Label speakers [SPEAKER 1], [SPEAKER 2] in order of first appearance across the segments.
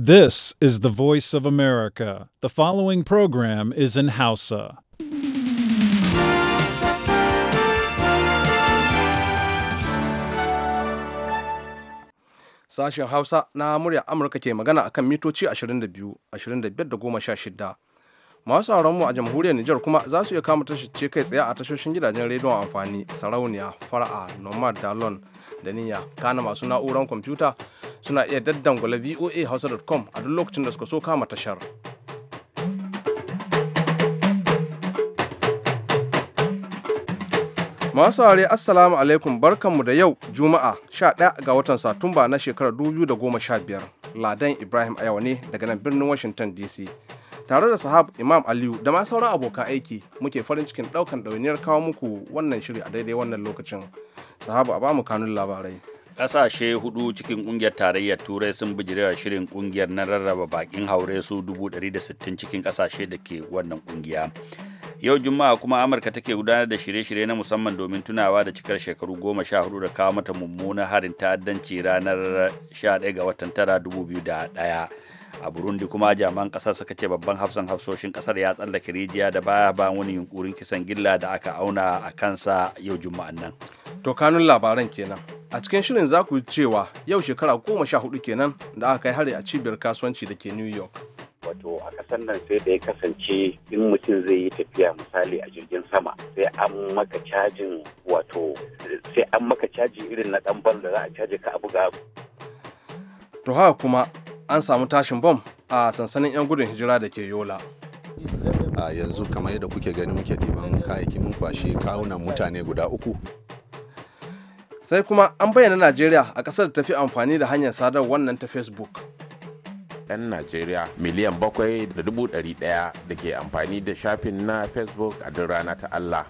[SPEAKER 1] This is the voice of America. The following program is in Hausa.
[SPEAKER 2] Sashen Hausa na murya Amurka ke magana akan mitoci 22, 25 da 16. masu mu a jamhuriyar Nijar kuma za su iya kama ce kai tsaye a tashoshin gidajen rediyon amfani sarauniya fara'a nomad dalon da niyya kana masu na'uran kwamfuta suna iya daddangula voa hausa.com a duk lokacin da suka so kama tashar masu hare assalamu alaikum barkanmu da yau juma'a 11 ga watan satumba na shekarar 2015 ladan ibrahim ayawa ne daga nan birnin washington dc tare da sahab imam aliyu da ma sauran abokan aiki muke farin cikin daukan ɗawainiyar kawo muku wannan shiri a daidai wannan lokacin sahabu a bamu kanun labarai
[SPEAKER 3] kasashe hudu cikin kungiyar tarayyar turai sun bijirewa shirin kungiyar na rarraba bakin haure su 160 cikin kasashe da ke wannan kungiya yau juma'a kuma amurka take gudanar da shirye-shirye na musamman domin tunawa da cikar shekaru goma sha hudu da kawo mata mummunan harin ta'addanci ranar 11 ga watan tara 2001 a burundi kuma jaman kasar suka ce babban hafsan hafsoshin kasar ya tsallake rijiya da baya
[SPEAKER 2] ba wani yunkurin kisan gilla da aka auna a kansa yau juma'an nan to kanun labaran kenan a cikin shirin za ku cewa yau shekara goma sha hudu kenan da aka kai hari a cibiyar kasuwanci da ke new york
[SPEAKER 4] wato a kasar nan sai da ya kasance in mutum zai yi tafiya misali a jirgin sama sai an maka cajin wato sai an maka
[SPEAKER 2] caji irin na ɗan da za a caji ka abu ga to haka kuma an samu tashin bom a sansanin 'yan gudun hijira da ke yola
[SPEAKER 5] a yanzu kamar yadda kuke gani muke ɗiban kayayyakin mun kwashe kawunan mutane guda uku
[SPEAKER 2] sai kuma an bayyana najeriya a ƙasar da tafi amfani da hanyar sadar wannan ta facebook
[SPEAKER 6] 'yan Najeriya miliyan bakwai da dubu ɗari ɗaya da ke amfani da shafin na
[SPEAKER 2] Facebook a duk rana ta Allah.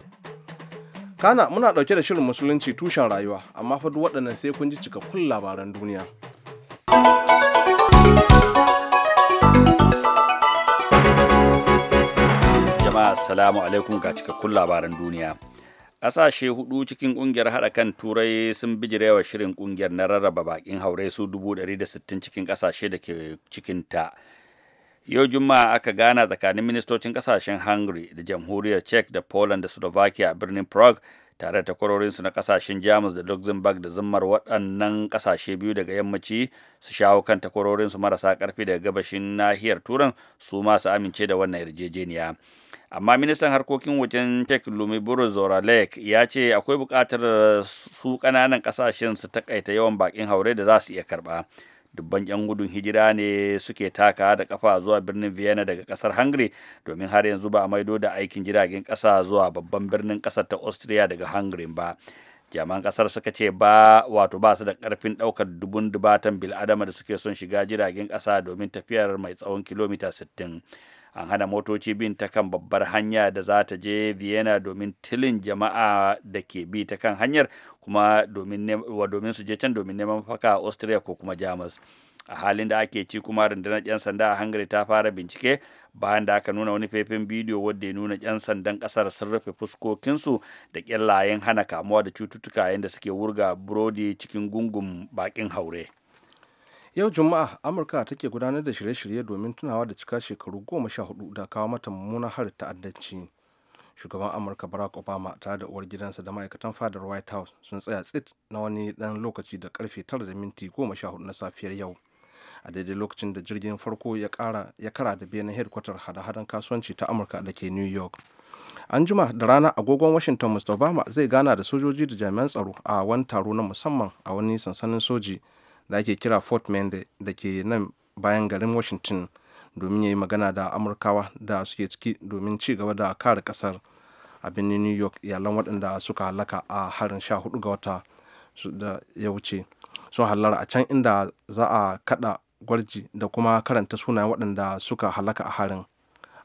[SPEAKER 2] Kana muna ɗauke da shirin musulunci tushen rayuwa, amma fa duk waɗannan sai kun ji cikakkun labaran duniya.
[SPEAKER 3] jama'a assalamu alaikum ga cikakkun labaran duniya ƙasashe hudu cikin ƙungiyar haɗa kan turai sun wa shirin ƙungiyar na rarraba bakin haure su 160 cikin ƙasashe da ke cikinta yau juma'a aka gana tsakanin ministocin ƙasashen hungary da jamhuriyar czech da poland da slovakia a birnin prague tare da takwarorinsu na kasashen jamus da luxembourg da zimmar waɗannan kasashe biyu daga yammaci su shawo kan takwarorinsu marasa karfi daga gabashin nahiyar turan su masu amince da wannan yarjejeniya amma ministan harkokin wajen tek lumiburu zoralek ya ce akwai buƙatar su ƙananan kasashen su takaita yawan baƙin haure da za su iya karɓa dubban 'yan gudun hijira ne suke taka da kafa zuwa birnin vienna daga kasar hungary domin har yanzu ba a maido da aikin jiragen kasa zuwa babban birnin kasar ta austria daga hungary ba jaman kasar suka ce ba wato ba su da karfin daukar dubun dubatan bil'adama da suke son shiga jiragen kasa domin tafiyar mai tsawon kilomita 60 an hana motoci bin ta kan babbar hanya da za ta je vienna domin tilin jama'a da ke bi ta kan hanyar kuma domin su je can domin neman faka a austria ko kuma jamus a halin da ake ci kuma rundunar 'yan sanda a hungary ta fara bincike bayan da aka nuna wani faifin bidiyo wadda ya nuna 'yan sandan kasar sun rufe fuskokinsu da kyallayen hana kamuwa da cututtuka yayin da suke wurga burodi cikin gungun bakin haure
[SPEAKER 2] yau juma'a amurka take gudanar da shirye-shirye domin tunawa da cika shekaru goma sha hudu da kawo mata mummunan harin ta'addanci shugaban amurka barack obama tare da uwar gidansa da ma'aikatan fadar white house sun tsaya tsit na wani dan lokaci da karfe tara da minti goma sha hudu na safiyar yau a daidai lokacin da jirgin farko ya kara da benin headquarter hada-hadan kasuwanci ta amurka da ke new york an juma da rana agogon washington mr obama zai gana da sojoji da jami'an tsaro a wani taro na musamman a wani sansanin soji da ake kira fort mende da ke nan bayan garin washington domin ya yi magana da amurkawa da suke ciki domin ci gaba da kare kasar a birnin new york iyalan waɗanda suka halaka a harin 14 ga wata da ya wuce sun hallara a can inda za a kada gwarji da kuma karanta sunayen waɗanda suka halaka a harin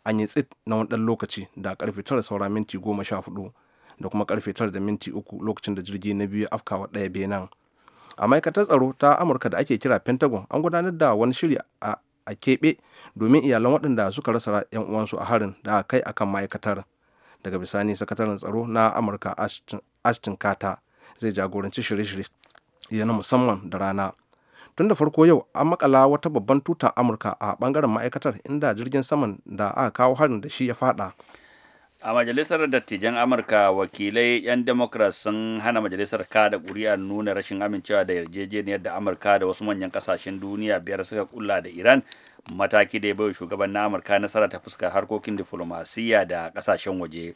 [SPEAKER 2] an yi tsit na wani ɗan lokaci da karfe tara saura minti goma sha hudu da kuma karfe tara da minti uku lokacin da jirgi na biyu afkawa ɗaya benin a ma'aikatar tsaro ta amurka da ake kira pentagon an gudanar da wani shiri a keɓe domin iyalan waɗanda suka rasa 'yan uwansu a harin da kai akan ma'aikatar daga bisani sakataren tsaro na amurka ashton kata zai jagoranci shirye-shirye na musamman da rana tun da farko yau an makala wata babban tuta amurka a ɓangaren ma'aikatar inda jirgin saman da aka kawo harin da shi ya fada
[SPEAKER 3] a majalisar dattijan amurka wakilai 'yan Democrats sun hana majalisar kada kuri'ar nuna rashin amincewa da yarjejeniyar da amurka da wasu manyan kasashen duniya biyar suka kulla da iran mataki da ya bai shugaban na amurka nasara ta fuskar harkokin diflomasiyya da ƙasashen waje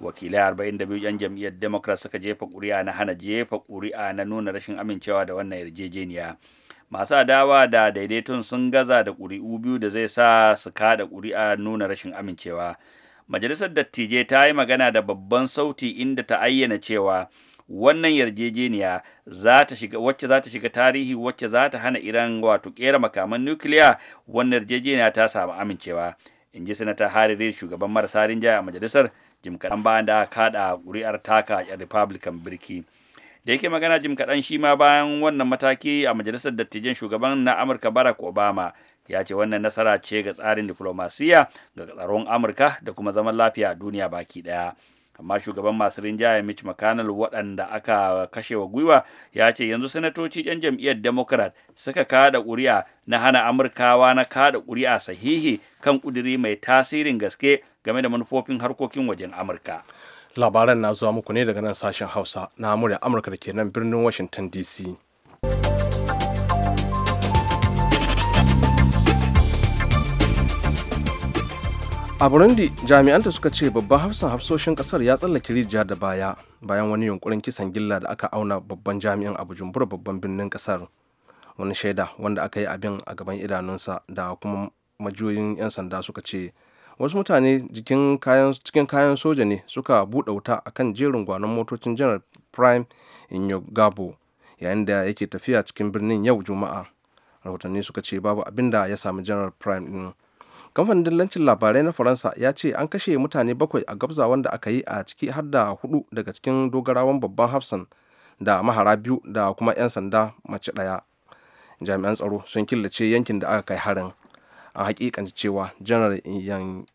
[SPEAKER 3] wakilai arba'in da 42 'yan jam'iyyar Democrats suka jefa kuri'a na hana jefa kuri'a na nuna rashin amincewa da wannan yarjejeniya masu adawa da daidaiton sun gaza da ƙuri'u biyu da zai sa su kada ƙuri'a nuna rashin amincewa Majalisar dattijai ta yi magana da babban sauti inda ta ayyana cewa wannan yarjejeniya wacce za ta shiga tarihi wacce za ta hana Iran wato kera makaman nukiliya wannan yarjejeniya ta samu amincewa. In ji Sanata Harry shugaban marasa rinjaya a majalisar jim kaɗan bayan da kaɗa ƙuri'ar taka a Republican birki. da yake magana jim kaɗan shi ma bayan wannan mataki a majalisar dattijan shugaban na amurka barack obama ya ce wannan nasara ce ga tsarin diflomasiya ga tsaron amurka da kuma zaman lafiya a duniya baki daya amma shugaban masu rinjaye mitch mcconnell waɗanda aka kashe wa gwiwa ya ce yanzu sanatoci 'yan jam'iyyar democrat suka kada ƙuri'a na hana amurkawa na kada ƙuri'a sahihi kan ƙuduri mai tasirin gaske game da manufofin harkokin
[SPEAKER 2] wajen amurka labaran na zuwa muku ne daga nan sashen hausa na amurka da ke nan birnin washington dc a burundi jami'anta suka ce babban hafsan hafsoshin kasar ya tsallake rijiya da baya bayan wani yunkurin kisan gilla da aka auna babban jami'in a bujumbura babban birnin kasar wani shaida wanda aka yi abin a gaban idanunsa da kuma majiyoyin 'yan sanda suka ce wasu mutane cikin kayan soja ne suka buɗe wuta kan jerin gwanon motocin janar prime inyogabo yayin da yake tafiya cikin birnin yau juma'a rahotanni suka ce babu abin da ya sami janar prime din kamfanin dillancin labarai na faransa ya ce an kashe mutane bakwai a gabza wanda aka yi a ciki har da hudu daga cikin dogarawan babban hafsan da mahara biyu da kuma 'yan sanda mace ɗaya jami'an tsaro sun killace yankin da aka kai harin a hakikanci cewa janar yan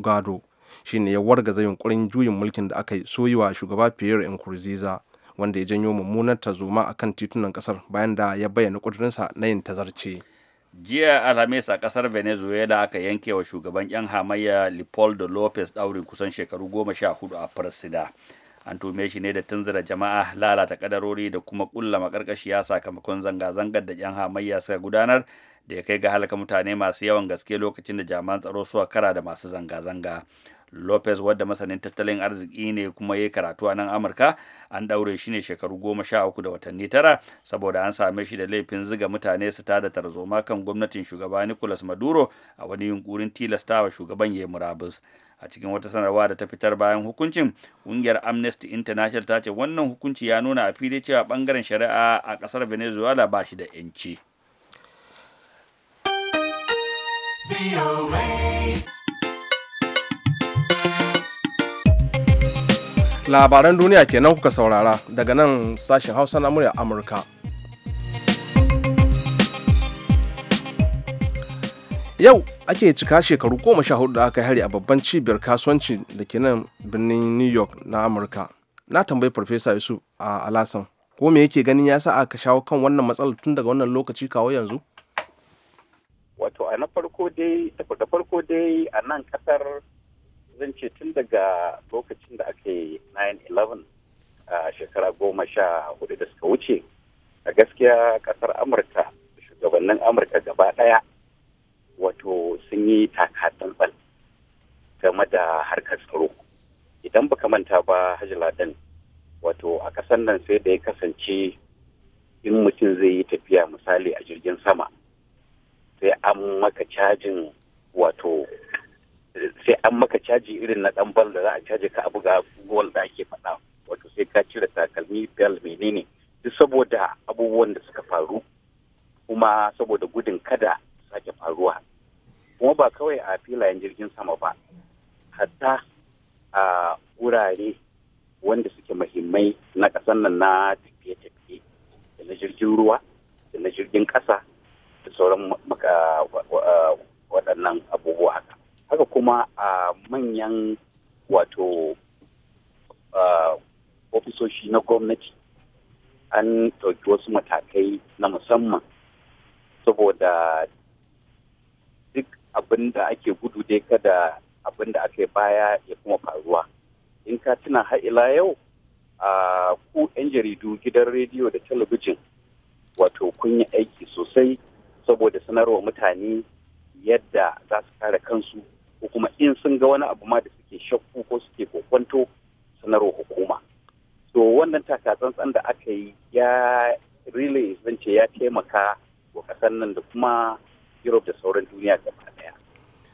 [SPEAKER 2] gado shi ne ya wargaza yunkurin juyin mulkin da aka yi soyiwa shugaba pierre nkurunziza wanda ya janyo mummunar tazoma kan titunan kasar bayan da ya bayyana kudurinsa na yin tazarce.
[SPEAKER 3] jiya alhamis a kasar venezuela aka yanke wa shugaban yan hamayya lipoldo lopez daurin kusan shekaru goma sha hudu a farsida an tume shi ne da tunzura jama'a lalata kadarori da kuma kulla ya sakamakon zanga-zangar da yan hamayya suka gudanar da ya kai ga halaka mutane masu yawan gaske lokacin da jami'an tsaro suka kara da masu zanga-zanga lopez wadda masanin tattalin arziki ne kuma ya karatu a nan amurka an ɗaure shi ne shekaru goma sha uku da watanni tara saboda an same shi da laifin ziga mutane su tada tarzoma kan gwamnatin shugaba nicolas maduro a wani yunkurin tilastawa shugaban ya murabus a cikin wata sanarwa da ta fitar bayan hukuncin ƙungiyar amnesty international ta ce wannan hukunci ya nuna a fili cewa bangaren shari'a a ƙasar venezuela ba shi da 'yanci.
[SPEAKER 2] labaran duniya kenan kuka saurara daga nan sashen hausa na murya amurka yau ake cika shekaru goma sha hudu da aka hari a babban cibiyar kasuwanci da ke nan birnin new york na amurka na tambayi farfesa yusuf a alasan ko me yake ganin ya sa aka shawo kan wannan matsalar tun daga wannan lokaci kawo yanzu
[SPEAKER 4] wato a na farko dai da farko dai a nan kasar zan ce tun daga lokacin da aka yi 9-11 a shekara goma sha hudu da suka wuce a gaskiya kasar amurka shugabannin amurka gaba daya wato sun yi takatsantsan game da harkar tsaro idan baka manta ba hajjaladan wato a ƙasar nan sai da ya kasance in mutum zai yi tafiya misali a jirgin sama sai an maka cajin wato sai an maka caji irin na dan bal da za a caji ka a buga gol da ake faɗa wato sai ka cire takalmi bel menene duk saboda abubuwan da suka faru kuma saboda gudun kada sake faruwa kuma ba kawai a filayen jirgin sama ba hatta a wurare wanda suke mahimmai na ƙasar nan na tafiye-tafiye da na jirgin ruwa da na jirgin ƙasa da sauran waɗannan abubuwa haka haka kuma a manyan wato ofisoshi na gwamnati an ɗauki wasu matakai na musamman saboda duk abin da ake gudu dai kada abin da aka baya ya kuma faruwa in ka tuna har ila yau a ku 'yan jaridu gidan rediyo da talabijin wato kun yi aiki sosai saboda sanarwa mutane yadda za su kare kansu ko kuma in sun ga wani abu ma da suke shakku ko suke kokwanto sanarwa hukuma to wannan tsantsan da aka yi ya really zance ya taimaka wa kasan nan da kuma europe da sauran duniya gaba daya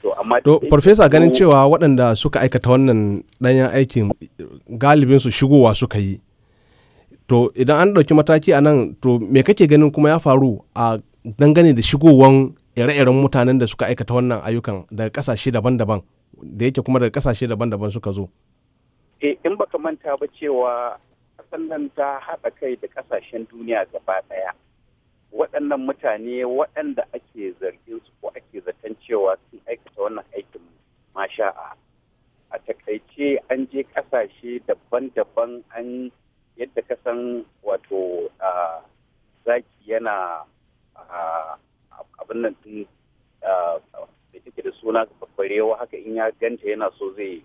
[SPEAKER 4] to amma to farfesa ganin cewa
[SPEAKER 2] waɗanda suka aikata wannan ɗanyen aikin galibin su shigowa suka yi to idan an ɗauki mataki a nan to me kake ganin kuma ya faru a dangane da shigowan ire-iren mutanen da suka aikata wannan ayyukan daga kasashe daban-daban da yake kuma daga kasashe daban-daban suka zo
[SPEAKER 4] eh, in baka manta ba cewa sannan ta haɗa kai da kasashen duniya gaba ɗaya waɗannan mutane waɗanda ake zargin su ko ake zaton cewa sun aikata wannan aikin masha'a a takaice an je kasashe daban-daban an yadda ka wato ah, zaki yana ah, abin nan din da take da suna farewa haka in ya ganta yana so zai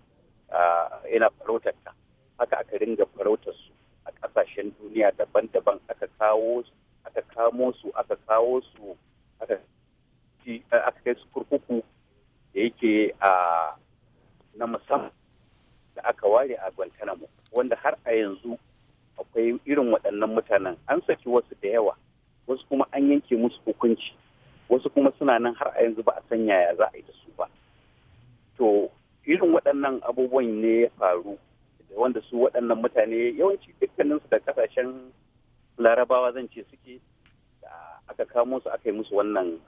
[SPEAKER 4] yana farautar ta haka aka ringa farautar su a kasashen duniya daban-daban aka kawo aka kamo su aka kawo su aka kai su kurkuku da yake a na musamman da aka ware a Guantanamo wanda har a yanzu akwai irin waɗannan mutanen an saki wasu da yawa wasu kuma an yanke musu hukunci wasu kuma suna nan har a yanzu ba a san yaya za a yi da su ba to irin waɗannan abubuwan ne ya faru wanda su waɗannan mutane yawanci dukkaninsu da kasashen larabawa zan ce suke da aka kamo su aka yi musu wannan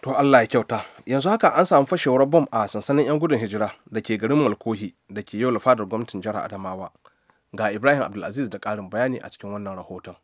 [SPEAKER 2] to Allah ya kyauta yanzu haka an samu fashewar bom a sansanin 'yan gudun hijira da ke garin malkohi da ke yau lafadar gwamnatin jihar adamawa ga ibrahim abdulaziz da ƙarin bayani a cikin wannan rahoton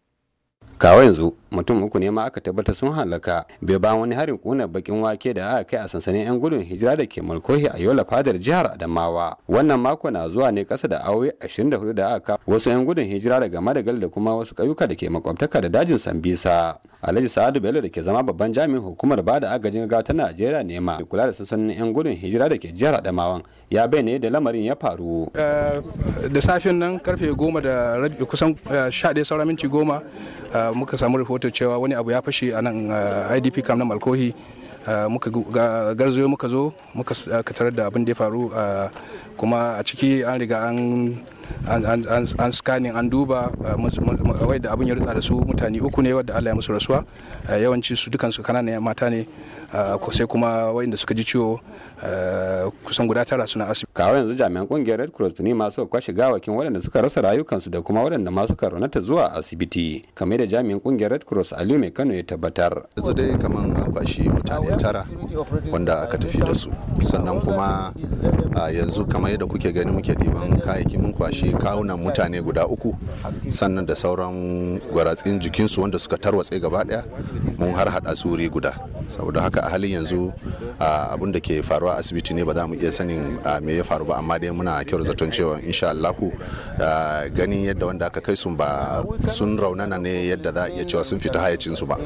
[SPEAKER 7] kawo yanzu mutum uku ne ma aka tabbata sun halaka bai bayan wani harin kuna bakin wake da aka kai a sansanin yan gudun hijira da ke mulkohi a yola fadar jihar adamawa wannan mako na zuwa ne kasa da aure 24 da aka wasu yan gudun hijira daga madagal da kuma wasu ƙauyuka da ke makwabtaka da dajin sambisa alhaji sa'adu bello da ke zama babban jami'in hukumar da agajin gaggawa ta najeriya ne ma kula da sansanin yan gudun hijira da ke jihar adamawan ya bayyana da lamarin ya faru
[SPEAKER 2] eh, da safin nan karfe goma da rabi kusan eh, sha ɗaya saura minti goma Eh, muka samu rahoto cewa wani abu ya fashe a nan eh, idp kam na malkohi eh, muka garzoyo muka zo muka katar da abin da ya faru kuma a ciki an riga an scanning an duba wadda abin ya rutsa da su mutane uku ne wadda allah ya musu rasuwa yawanci su dukansu kananan mata ne Ah, sai kuma wayanda suka ji ciwo ah, kusan guda tara suna asibiti kawo yanzu
[SPEAKER 7] jami'an kungiyar red cross tuni masu kwashe gawakin waɗanda suka rasa rayukansu da kuma waɗanda ma suka raunata zuwa
[SPEAKER 5] asibiti kamar da jami'an kungiyar red cross aliyu mai kano ya tabbatar yanzu dai kamar an kwashi mutane tara wanda aka tafi da su sannan kuma ah, yanzu kamar yadda kuke gani muke ɗiban kayayyaki mun kwashi kawunan mutane guda uku sannan da sauran gwaratsin jikinsu wanda suka tarwatse gaba ɗaya mun har haɗa su wuri guda saboda haka a halin yanzu abun da ke faruwa asibiti ne ba za mu iya sanin me ya faru ba amma dai muna kyau zaton cewa insha Allahu ganin yadda wanda aka kai sun ba sun raunana ne yadda za a iya cewa sun fita hayacin su ba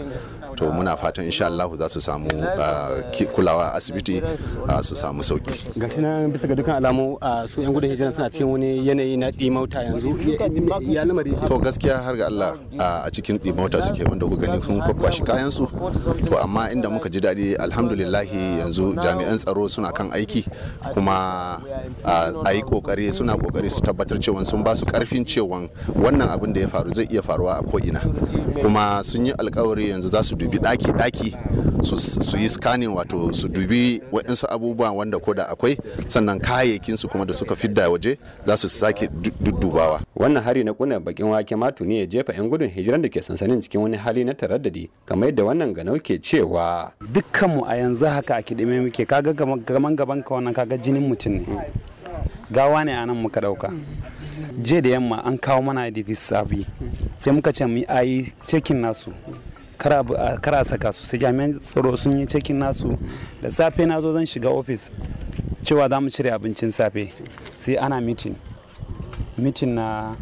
[SPEAKER 5] to muna fatan insha Allah za su samu ah, kulawa asibiti ah, su samu sauki
[SPEAKER 7] ga na bisa ga dukkan alamu ah, su yan gudun hijira suna cikin wani yanayi na dimauta yanzu ya lamari
[SPEAKER 5] to gaskiya har ga Allah a cikin dimauta suke wanda ku gani sun kwakwashi kayan su to amma inda muka ji daɗi alhamdulillah yanzu jami'an tsaro suna kan aiki kuma a yi kokari suna kokari su tabbatar cewa sun ba su karfin cewa wannan abin da ya faru zai iya faruwa a ko'ina kuma sun yi alkawari yanzu za su dubi daki-daki su yi scanning wato su dubi waɗansu abubuwa wanda koda akwai sannan kayayyakin su kuma da suka fidda waje za su sake duddubawa wannan hari na kuna bakin wake matu ne ya jefa yan
[SPEAKER 7] gudun hijiran da ke sansanin cikin wani hali na taraddadi kamar yadda wannan ganau ke cewa dukkanmu
[SPEAKER 8] a yanzu haka a kiɗime muke kaga gaman gaban ka wannan kaga jinin mutum ne gawa ne a nan muka ɗauka jiya da yamma an kawo mana idp sabi sai muka ce mu yi checking nasu kara saka su sai jami'an tsaro sun yi cikin nasu da safe na zo zan shiga ofis cewa za mu cire abincin safe sai ana mitin mitin na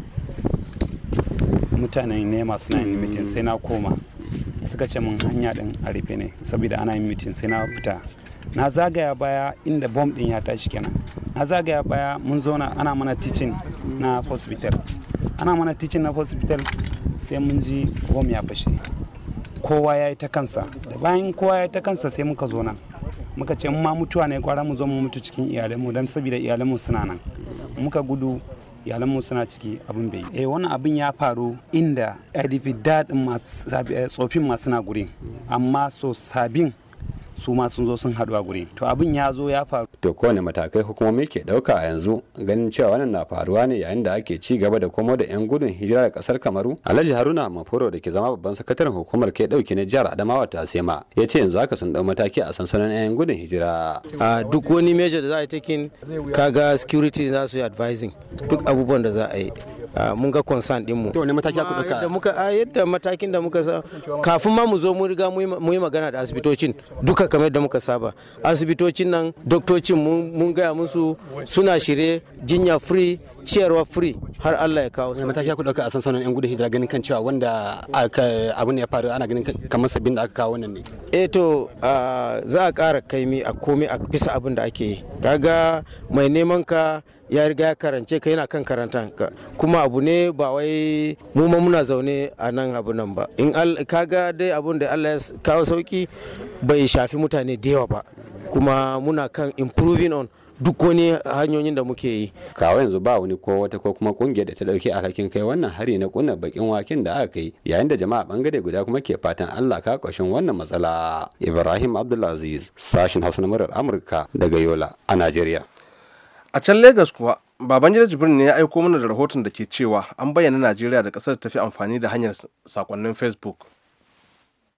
[SPEAKER 8] mutanen ne masu na yi mitin sai na koma suka ce mun hanya din a rufe ne saboda ana yin mitin sai na fita na zagaya baya inda bom din ya tashi kenan na zagaya baya mun zauna ana mana ticin na hospital ana mana ticin na hospital sai mun ji bom ya fashe kowa ya yi ta kansa da bayan kowa ya yi ta kansa sai muka zo nan muka ce ma mutuwa ne kwara mu zo mu mutu cikin iyalanmu don saboda iyalanmu suna nan muka gudu iyalanmu suna ciki abin bai eh wani abin ya faru inda idp daɗin eh, tsofin masu na gurin amma so sabin su ma sun zo sun haɗu a guri to abin ya zo ya faru
[SPEAKER 7] to kowane matakai hukumomi ke ɗauka a yanzu ganin cewa wannan na faruwa ne yayin da ake ci gaba da komo da 'yan gudun hijira da kasar kamaru alhaji haruna mafuro da ke zama babban sakataren hukumar ke ɗauki na jihar adamawa ta sema ya ce yanzu haka sun ɗau mataki
[SPEAKER 9] a sansanin 'yan gudun hijira a duk wani major da za a yi taking kaga security za su yi advising duk abubuwan da za a yi mun ga concern din mu to ne mataki ku dauka da muka a yadda matakin da muka kafin ma mu zo mu riga mu yi magana da asibitocin duka kamar yadda muka saba asibitocin nan doktocin mun gaya musu suna shirye jinya free ciyarwa free har Allah ya kawo su mataki ku dauka a sansanin yan gudun hijira ganin kan cewa
[SPEAKER 7] wanda ne ya faru ana ganin kamar sabbin da aka kawo nan ne
[SPEAKER 9] eh to za a kara kaimi a komai a bisa abin da ake yi kaga mai neman ka ya riga ya karance ka yana kan karanta kuma abu ne ba wai mu ma muna zaune a nan abu nan ba in kaga dai abun da Allah ya kawo sauki bai shafi mutane da yawa ba kuma muna kan improving on duk wani hanyoyin da muke
[SPEAKER 7] yi. Kawo yanzu ba wani ko wata ko kuma kungiyar da ta a alhakin kai wannan hari na kunna bakin waken da aka yi yayin da jama'a bangare guda kuma ke fatan Allah ka kwashin wannan matsala. Ibrahim
[SPEAKER 2] Abdulaziz
[SPEAKER 7] sashin Hausa na murar Amurka daga Yola a Najeriya.
[SPEAKER 2] a can lagos kuwa babangida jibrin ne ya aiko mana da rahoton da ke cewa an bayyana najeriya da kasar tafi amfani da hanyar sakonnin facebook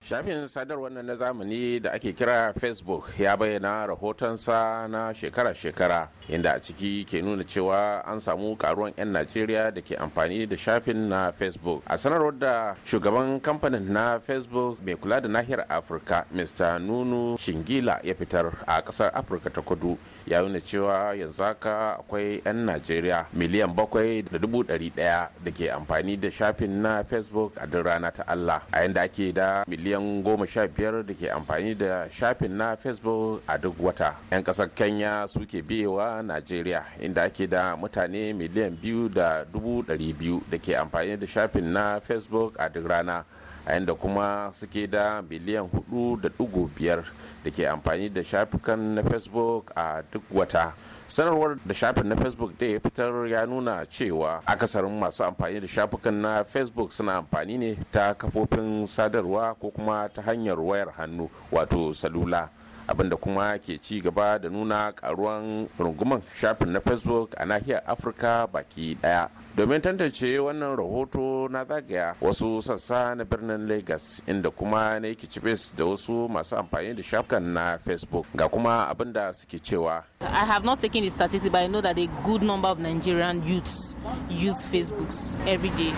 [SPEAKER 6] shafin sadarwar na zamani da ake kira facebook ya bayyana rahotonsa na shekara-shekara inda a ciki ke nuna cewa an samu karuwan 'yan najeriya da ke amfani da shafin na facebook a sanarwar da shugaban kamfanin na facebook mai kula da nahiyar afirka mr nunu shingila ya fitar a kasar afirka ta kudu ya nuna cewa yanzu haka akwai 'yan najeriya miliyan bakwai da dubu dari daya da ke amfani da shafin na facebook a duk rana ta allah a yanda ake da miliyan goma sha biyar da ke amfani da shafin na facebook a duk wata 'yan kasar kenya suke biyewa najeriya inda ake da mutane miliyan biyu da dubu dari biyu da ke amfani da shafin na facebook a duk rana a yanda kuma suke da miliyan hudu da dugu biyar da ke amfani da shafukan na facebook a duk wata sanarwar da shafin na facebook da ya fitar ya nuna cewa akasarin masu amfani da shafukan na facebook suna amfani ne ta kafofin sadarwa ko kuma ta hanyar wayar hannu wato salula abinda kuma ke ci gaba da nuna karuwan runguman shafin na facebook a nahiyar afirka baki daya domin tantance wannan rahoto na zagaya wasu sassa na birnin lagos inda kuma na yi kicibis da wasu masu amfani da shafukan na facebook ga kuma abin da suke cewa
[SPEAKER 1] i have not taken the statistics but i know that a good number of nigerian youths use facebooks every day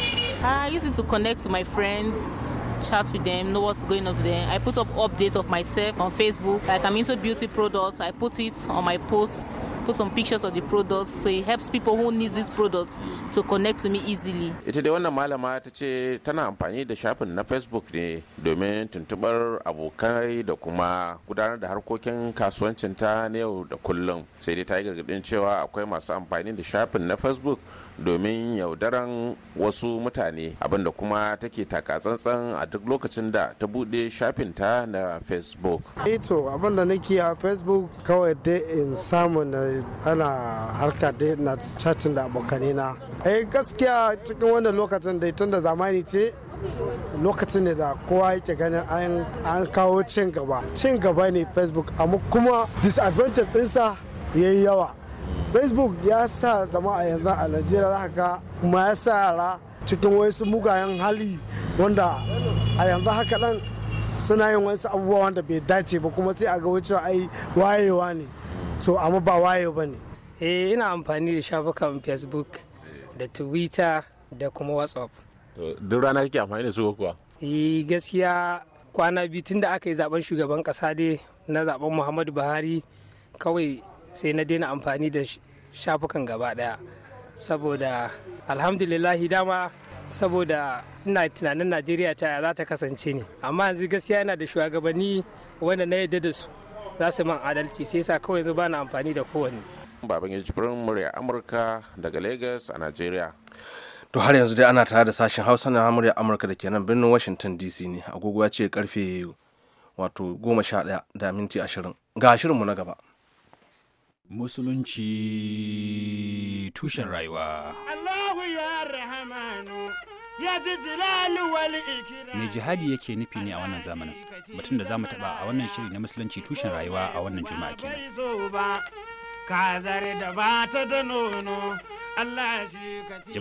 [SPEAKER 1] i use it to connect to my friends chat with them, know what's going on today. I put up updates of myself on Facebook. Like I'm into beauty products, I put it on my posts, put some pictures of the products. So it helps people who need these products to connect to me easily
[SPEAKER 6] ita dai wannan malama ta ce tana amfani da shafin na facebook ne domin tuntubar abokai da kuma gudanar da harkokin kasuwancinta na yau da kullum sai dai ta yi gargadin cewa akwai masu amfani da shafin na facebook domin yaudaran wasu mutane abinda kuma take taka tsantsan a duk lokacin da ta bude shafin ta na facebook eto
[SPEAKER 10] eh abinda nake a facebook kawai dai in samu na ana harka dai na chatting da abokanina eh eh gaskiya cikin wannan lokacin da tun zamani ce lokacin ne da kowa yake ganin an kawo cin gaba cin gaba ne facebook amma kuma disadvantage ɗinsa ya yi yawa facebook ya sa jama'a yanzu a najeriya za ka kuma ya sa yara cikin wasu mugayen hali wanda a yanzu haka ɗan suna yin wasu abubuwa wanda bai dace ba kuma sai a ga a ai
[SPEAKER 1] wayewa ne to amma ba waye ba ne eh ina amfani da shafukan facebook da twitter da kuma whatsapp
[SPEAKER 6] duk rana kake amfani da su kuwa
[SPEAKER 1] e, gaskiya kwana biyu tun da aka yi zaben shugaban kasa dai na zaben muhammadu buhari kawai sai na daina amfani da shafukan gaba daya saboda alhamdulillahi dama saboda ina tunanin najeriya ta za ta kasance ne amma yanzu gaskiya yana da shugabanni wanda na yadda da su za su man adalci sai sa kawai yanzu na amfani da kowanne
[SPEAKER 6] baban ya jibirin murya amurka
[SPEAKER 2] daga lagos a nigeria to har yanzu dai ana tare da sashen hausa na murya amurka da ke nan birnin washington dc ne agogo ya ce karfe wato goma sha ɗaya da minti ashirin ga ashirinmu na gaba musulunci tushen rayuwa
[SPEAKER 1] mai jihadi yake nufi ne a wannan zamanin batun da za mu taba a wannan shiri na musulunci tushen rayuwa a wannan juma'a kenan
[SPEAKER 10] jama da da nono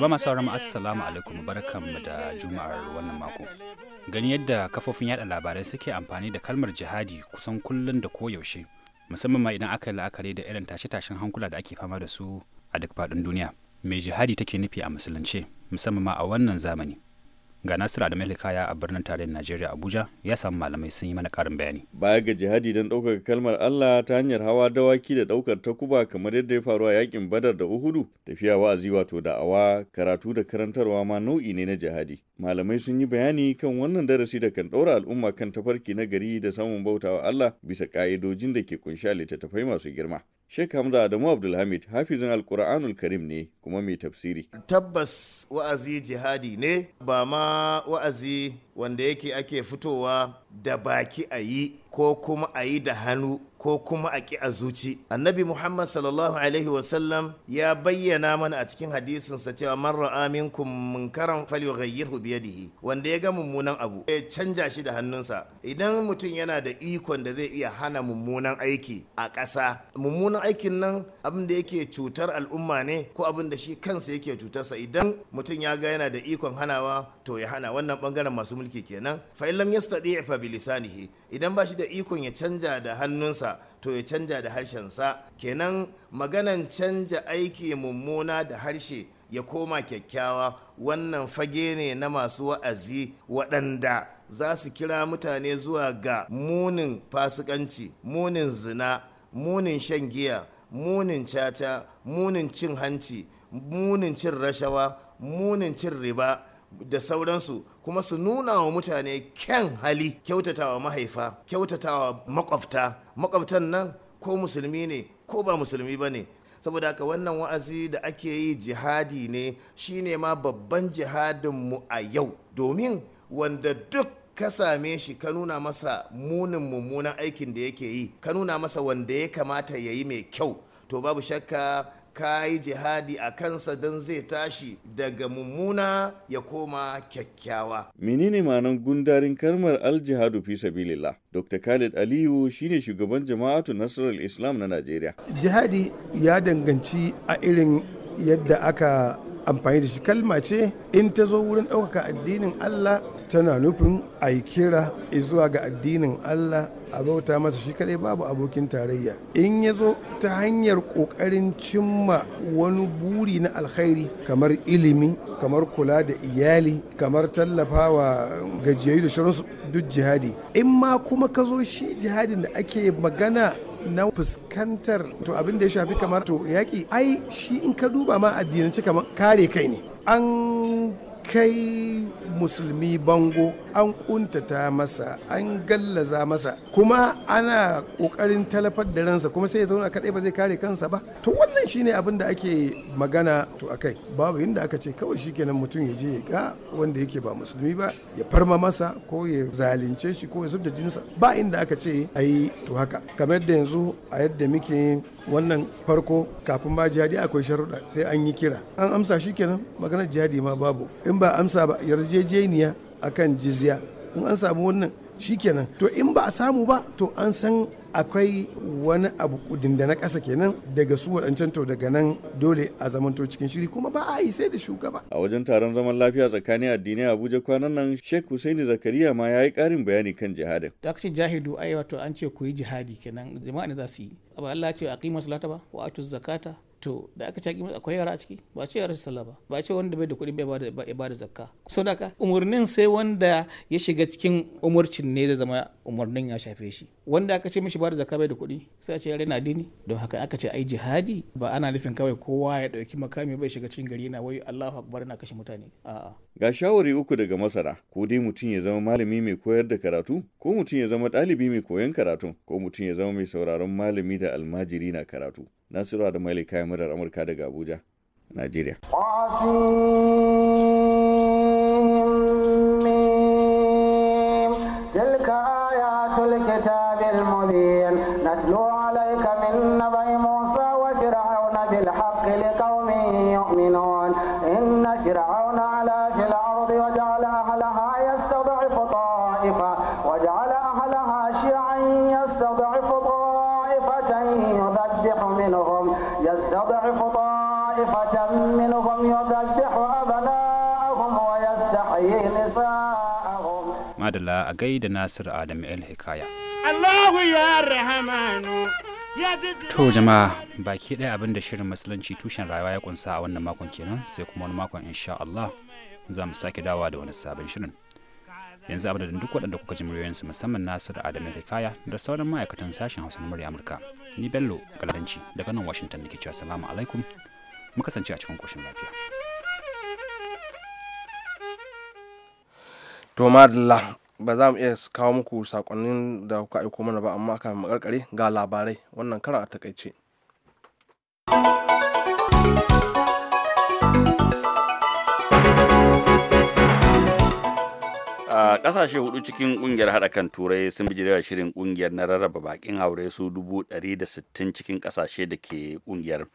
[SPEAKER 1] masu sauraron assalamu alaikum barkam da juma'ar wannan mako. Gani yadda kafofin yada labarai suke amfani da kalmar jihadi kusan kullum da koyaushe musamman ma idan aka yi la'akari da irin tashe-tashen hankula da ake fama da su a duk faɗin duniya. Mai jihadi take nufi a musulunce musamman ma a wannan zamani. ga nasir adam kaya a birnin tarayyar najeriya abuja ya samu malamai sun yi mana karin bayani
[SPEAKER 11] baya ga jihadi don ɗaukaka kalmar allah ta hanyar hawa dawaki da ɗaukar takuba kamar yadda ya faru a yakin badar da uhudu tafiya wa'azi wato da awa karatu da karantarwa ma nau'i ne na jihadi malamai sun yi bayani kan wannan darasi da kan ɗaura al'umma kan tafarki na gari da samun bautawa allah bisa ka'idojin da ke kunshi a littattafai masu girma Sheikh Hamza Adamu Abdulhamid hafizin Alkur'anul Karim ne kuma mai tafsiri.
[SPEAKER 10] Tabbas wa'azi jihadi ne ba ma wa'azi wanda yake ake fitowa da baki a yi ko kuma a yi da hannu ko kuma a ƙi a zuci annabi muhammad sallallahu alaihi wasallam ya bayyana mana a cikin hadisinsa cewa man ra'a minkum munkaran falyughayyirhu biyadihi wanda ya ga mummunan abu ya canja shi da hannunsa idan mutum yana da ikon da zai iya hana mummunan aiki a ƙasa mummunan aikin nan abin da yake cutar al'umma ne ko abin da shi kansa yake cutarsa idan mutum ya ga yana da ikon hanawa to ya hana wannan bangaren masu mulki kenan fa illam yastati fa bilisanihi idan ba shi da ikon ya canja da hannunsa to ya canja da harshensa kenan maganan canja aiki mummuna da harshe ya koma kyakkyawa wannan fage ne na masu wa'azi waɗanda za su kira mutane zuwa ga munin fasikanci munin zina munin shan giya munin caca munin cin hanci munin cin rashawa munin cin riba da sauransu kuma su nuna wa mutane kyan hali Kyautata wa mahaifa Kyautata wa makwabta makwabtan nan ko musulmi ne ko ba musulmi ba ne saboda haka wannan wa'azi da ake yi jihadi ne shine ma babban jihadinmu a yau domin wanda duk ka same shi ka nuna masa munin mummunan aikin da yake yi ka nuna masa wanda ya kamata ya yi mai kyau to babu shakka ka yi jihadi a kansa don zai tashi daga mummuna ya koma kyakkyawa.
[SPEAKER 11] Menene ma'anan gundarin kalmar aljihadu fi sabilillah? Dr. Khalid Aliyu shine shugaban jama'atu Nasarar Islam na Najeriya.
[SPEAKER 9] Jihadi ya danganci a irin yadda aka amfani da shi kalma ce in ta zo wurin ɗaukaka addinin Allah tana nufin a yi kira zuwa ga addinin Allah a bauta masa shi kadai babu abokin tarayya in ya zo ta hanyar kokarin cimma wani buri na alkhairi kamar ilimi kamar kula da iyali kamar tallafawa gajiyayi da shirinsu duk jihadi in ma kuma ka zo shi jihadin da ake magana na fuskantar to abin da ya shafi kamar to yaƙi ai shi in ka duba ma addinance kamar kare kai ne an kai musulmi bango an kuntata masa an gallaza masa kuma ana kokarin talafar da ransa kuma sai ya zauna kadai ba zai kare kansa ba to wannan shine abin da ake magana to akai babu inda aka ce kawai shikenan mutum ya je ya ga wanda yake ba musulmi ba ya farma masa ko ya zalunce shi ko ya zubda jinsa ba inda aka ce ayi to haka kamar da yanzu a yadda muke wannan farko kafin ma jihadi akwai sharuɗa sai an yi kira an amsa shi kenan maganar jihadi ma babu in ba amsa ba yarjejeniya akan jizya in an samu wannan shi kenan to in ba a samu ba to an san akwai wani abu kudin da na ƙasa kenan daga su wadancan to daga nan dole a zamanto cikin shiri kuma ba a yi sai da shugaba.
[SPEAKER 11] A wajen taron zaman lafiya tsakanin addinai Abuja kwanan nan Sheikh Hussaini Zakariya ma ya yi ƙarin bayani kan jihadin.
[SPEAKER 9] Da aka ce jahidu ai wato an ce ku yi jihadi kenan jama'a ne za su yi. Ba Allah ce a kima salata ba wa atu zakata to da aka ce akwai yara a ciki ba ce yara sallah ba ba ce wanda bai da kuɗi bai ba da zakka so da ka umarnin sai wanda ya shiga cikin umarcin ne zai zama umarnin ya shafe shi wanda aka ce mishi bar zaka bai da kuɗi sai a ce yare na dini don haka aka ce ai jihadi ba ana nufin kawai kowa ya ɗauki makami bai shiga cikin gari na wai Allahu akbar na kashe mutane a'a
[SPEAKER 11] ga shawari uku daga masara ko dai mutum ya zama malami mai koyar da karatu ko mutum ya zama ɗalibi mai koyon karatu ko mutum ya zama mai sauraron malami da almajiri na karatu nasiru da malika murar amurka daga abuja najeriya تلك آيات الكتاب المبين
[SPEAKER 10] نتلو عليك من نبي موسى وفرعون بالحق لقوم يؤمنون إن فرعون
[SPEAKER 2] علا في الأرض وجعل أهلها يستضعف
[SPEAKER 10] طائفة وجعل
[SPEAKER 2] أهلها شيعا يستضعف
[SPEAKER 10] طائفة يذبح منهم يستضعف طائفة منهم يذبح أبناءهم ويستحيي نساءهم
[SPEAKER 1] adala a gaida Nasir Adam El Hikaya. To jama'a baki ɗaya abin da shirin musulunci tushen rayuwa ya kunsa a wannan makon kenan sai kuma wani makon insha Allah za mu sake dawa da wani sabon shirin. Yanzu abin duk waɗanda kuka ji muryoyinsu musamman nasir Adam Hikaya da sauran ma'aikatan sashen Hausa na murya Amurka. Ni Bello Galadanci daga nan Washington da ke cewa salamu alaikum mu kasance
[SPEAKER 2] a cikin koshin lafiya. to madalla ba za mu iya kawo muku sakonnin da kuka aiko mana ba amma aka makarkare ga labarai wannan karan a takaice
[SPEAKER 3] a kasashe hudu cikin kungiyar hada kan turai sun bijirewa shirin kungiyar na rarraba bakin haure su 160 cikin kasashe da ke kungiyar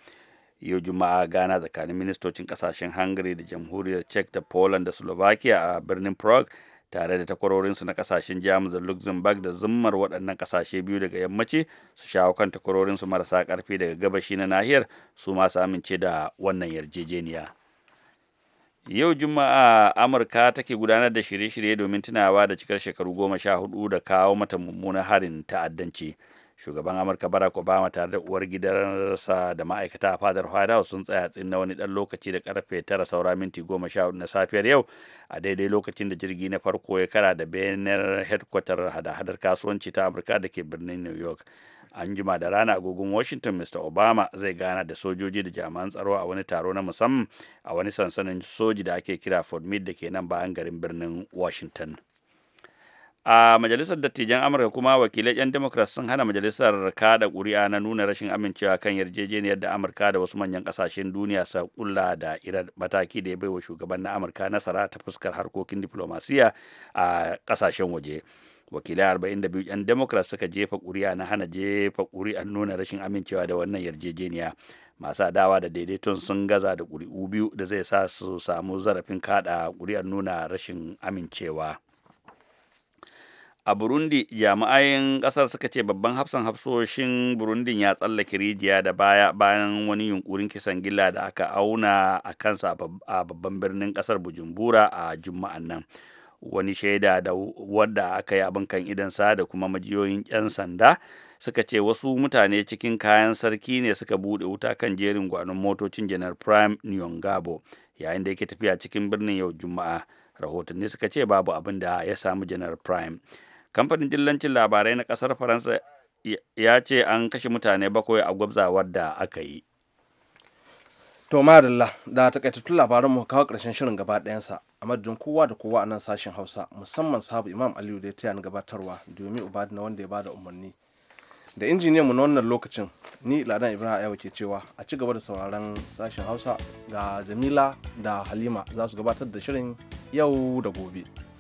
[SPEAKER 3] yau juma'a gana tsakanin ministocin kasashen hungary da jamhuriyar czech da poland da slovakia a birnin prague tare da takwarorinsu na kasashen jamus da luxembourg da zimmar waɗannan kasashe biyu daga yammaci su shawo kan takwarorinsu marasa ƙarfi daga gabashi na nahiyar su masu amince da wannan yarjejeniya yau juma'a amurka take gudanar da shirye-shirye domin tunawa da cikar shekaru goma sha hudu da kawo mata mummunan harin ta'addanci shugaban amurka barack obama tare da uwar gidansa da ma'aikata a fadar white house sun tsaya tsin na wani dan lokaci da karfe tara saura minti goma sha na safiyar yau a daidai lokacin da jirgi na farko ya kara da benin headquarter hada-hadar kasuwanci ta amurka da ke birnin new york an jima da rana agogon washington mr obama zai gana da sojoji da jami'an tsaro a wani taro na musamman a wani sansanin soji da ake kira fort meade da ke nan bayan garin birnin washington a majalisar dattijan amurka kuma wakilai 'yan democrat sun hana majalisar kada ƙuri'a na nuna rashin amincewa kan yarjejeniyar da amurka da wasu manyan kasashen duniya sa kulla da iran mataki da ya baiwa shugaban na amurka nasara ta fuskar harkokin diplomasiya a kasashen waje wakilai 42 'yan democrat suka jefa kuri'a na hana jefa kuri'a nuna rashin amincewa da wannan yarjejeniya masu adawa da daidaiton sun gaza da kuri'u biyu da zai sa su samu zarafin kada kuri'ar nuna rashin amincewa a burundi jami'ayin kasar suka ce babban hafsan hafsoshin burundi ya tsallake rijiya da baya bayan wani yunkurin kisan gila da aka auna a kansa a babban birnin kasar bujumbura a juma'an nan wani shaida da wadda aka yi abin kan idansa da kuma majiyoyin 'yan sanda suka ce wasu mutane cikin kayan sarki ne suka bude wuta kan jerin gwanon motocin janar prime nyongabo yayin da yake tafiya cikin birnin yau juma'a rahotanni suka ce babu abin da ya samu janar prime kamfanin dillancin labarai na kasar faransa ya ce an kashe mutane bakwai a gwabzawar da aka yi
[SPEAKER 2] to madalla da takaitattun labaran mu kawo karshen shirin gaba ɗayansa a madadin kowa da kowa a nan sashen hausa musamman sabu imam aliyu da ya taya gabatarwa domin uba na wanda ya bada umarni da injiniyan mu na wannan lokacin ni ladan ibrahim ayawa ke cewa a ci gaba da sauraron sashen hausa ga jamila da halima za su gabatar da shirin yau da gobe.